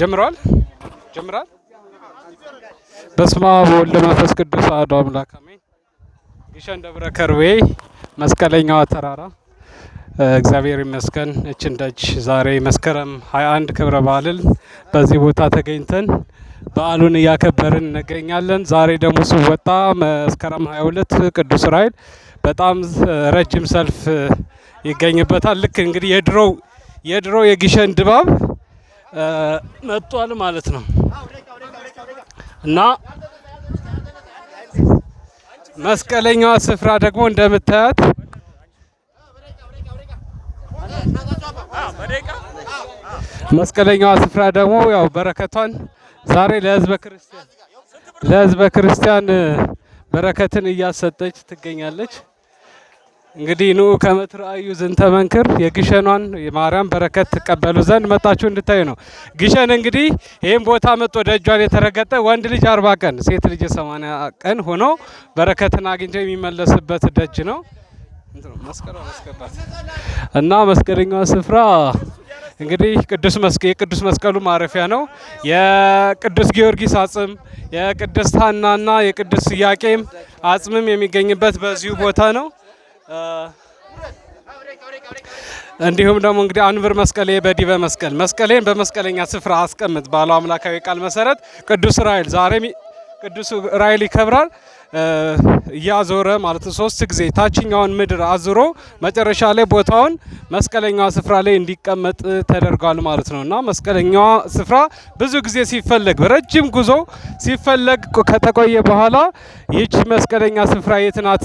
ጀምረዋል ጀምራል። በስመ አብ ወወልድ ወመንፈስ ቅዱስ አሐዱ አምላክ አሜን። ግሸን ደብረ ከርቤ መስቀለኛዋ ተራራ እግዚአብሔር ይመስገን። እችን ደጅ ዛሬ መስከረም 21 ክብረ በዓልን በዚህ ቦታ ተገኝተን በዓሉን እያከበርን እንገኛለን። ዛሬ ደግሞ ስወጣ መስከረም 22 ቅዱስ ራይል በጣም ረጅም ሰልፍ ይገኝበታል። ልክ እንግዲህ የድሮው የድሮ የግሸን ድባብ መጥቷል ማለት ነው እና መስቀለኛዋ ስፍራ ደግሞ እንደምታያት መስቀለኛዋ ስፍራ ደግሞ ያው በረከቷን ዛሬ ለህዝበ ክርስቲያን ለህዝበ ክርስቲያን በረከትን እያሰጠች ትገኛለች። እንግዲህ ኑ ከመትርአዩ ዝንተ መንክር የግሸኗን የማርያም በረከት ትቀበሉ ዘንድ መጣችሁ እንድታዩ ነው። ግሸን እንግዲህ ይህም ቦታ መጦ ደጇን የተረገጠ ወንድ ልጅ አርባ ቀን ሴት ልጅ ሰማንያ ቀን ሆኖ በረከትን አግኝቶ የሚመለስበት ደጅ ነው እና መስቀለኛዋ ስፍራ እንግዲህ ቅዱስ መስቀል የቅዱስ መስቀሉ ማረፊያ ነው። የቅዱስ ጊዮርጊስ አጽም፣ የቅዱስ ሐናና የቅዱስ ኢያቄም አጽምም የሚገኝበት በዚሁ ቦታ ነው። እንዲሁም ደግሞ እንግዲህ አንብር መስቀሌ በዲበ መስቀል መስቀሌን በመስቀለኛ ስፍራ አስቀምጥ ባለው አምላካዊ ቃል መሰረት ቅዱስ ራይል ዛሬ ቅዱስ ራይል ይከብራል። እያዞረ ማለት ሶስት ጊዜ ታችኛውን ምድር አዙሮ መጨረሻ ላይ ቦታውን መስቀለኛዋ ስፍራ ላይ እንዲቀመጥ ተደርጓል ማለት ነው እና መስቀለኛዋ ስፍራ ብዙ ጊዜ ሲፈለግ በረጅም ጉዞ ሲፈለግ ከተቆየ በኋላ ይች መስቀለኛ ስፍራ የት ናት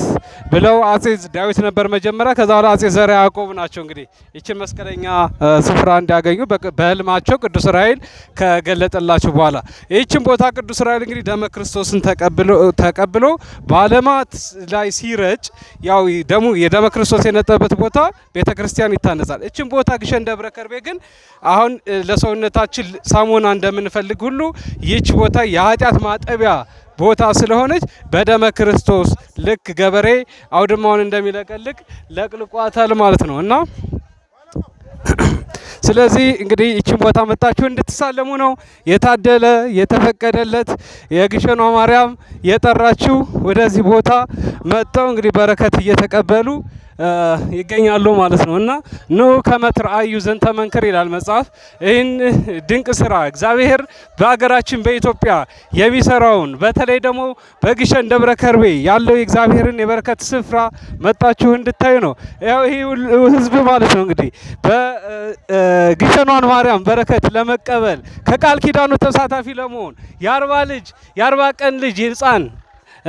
ብለው አጼ ዳዊት ነበር መጀመሪያ። ከዛ በኋላ አጼ ዘረ ያዕቆብ ናቸው እንግዲህ ይችን መስቀለኛ ስፍራ እንዲያገኙ በህልማቸው ቅዱስ ራኤል ከገለጠላቸው በኋላ ይችን ቦታ ቅዱስ ራሔል እንግዲህ ደመ ክርስቶስን ተቀብሎ በዓለማት ላይ ሲረጭ ያው ደሙ የደመ ክርስቶስ የነጠበት ቦታ ቤተ ክርስቲያን ይታነጻል። እችን ቦታ ግሸን ደብረ ከርቤ ግን አሁን ለሰውነታችን ሳሙና እንደምንፈልግ ሁሉ ይች ቦታ የኃጢአት ማጠቢያ ቦታ ስለሆነች በደመ ክርስቶስ ልክ ገበሬ አውድማውን እንደሚለቀልቅ ለቅልቋታል ማለት ነው እና ስለዚህ እንግዲህ ይችን ቦታ መጣችሁ እንድትሳለሙ ነው። የታደለ የተፈቀደለት የግሸኗ ማርያም የጠራችው ወደዚህ ቦታ መጥተው እንግዲህ በረከት እየተቀበሉ ይገኛሉ ማለት ነው እና ኑ አዩ ዘንተ መንክር ይላል መጽሐፍ። ይህን ድንቅ ስራ እግዚአብሔር በሀገራችን በኢትዮጵያ የሚሰራውን በተለይ ደግሞ በግሸን ደብረ ከርቤ ያለው የእግዚአብሔርን የበረከት ስፍራ መጣችሁ እንድታዩ ነው። ያው ይህ ህዝብ ማለት ነው እንግዲህ በግሸኗን ማርያም በረከት ለመቀበል ከቃል ኪዳኑ ተሳታፊ ለመሆን የአርባ ልጅ የአርባ ቀን ልጅ ህፃን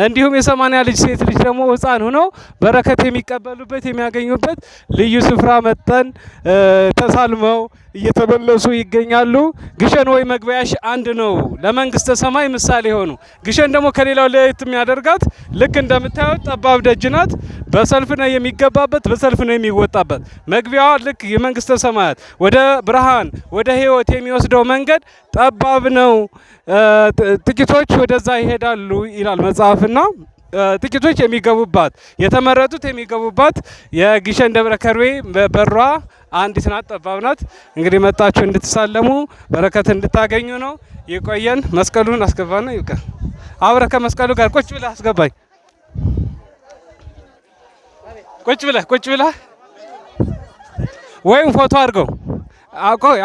እንዲሁም የሰማንያ ልጅ ሴት ልጅ ደግሞ ህፃን ሆነው በረከት የሚቀበሉበት የሚያገኙበት ልዩ ስፍራ መጠን ተሳልመው እየተመለሱ ይገኛሉ። ግሸን ወይ መግቢያሽ አንድ ነው ለመንግስተ ሰማይ ምሳሌ ሆኑ። ግሸን ደግሞ ከሌላው ለየት የሚያደርጋት ልክ እንደምታዩት ጠባብ ደጅ ናት። በሰልፍ ነው የሚገባበት፣ በሰልፍ ነው የሚወጣበት። መግቢያዋ ልክ የመንግስተ ሰማያት ወደ ብርሃን ወደ ህይወት የሚወስደው መንገድ ጠባብ ነው፣ ጥቂቶች ወደዛ ይሄዳሉ ይላል መጽሐፍ እና ጥቂቶች የሚገቡባት የተመረጡት የሚገቡባት የግሸን ደብረ ከርቤ በሯ አንዲት ናት፣ ጠባብ ናት። እንግዲህ መጣችሁ እንድትሳለሙ በረከት እንድታገኙ ነው። ይቆየን። መስቀሉን ነው ይብቃ። አብረ ከመስቀሉ ጋር ቁጭ ብለህ አስገባኝ። ቁጭ ብለህ ቁጭ ብለህ ወይም ፎቶ አድርገው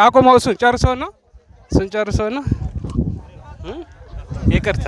አቁመው እሱን ጨርሰውና እሱን ነው ይቅርታ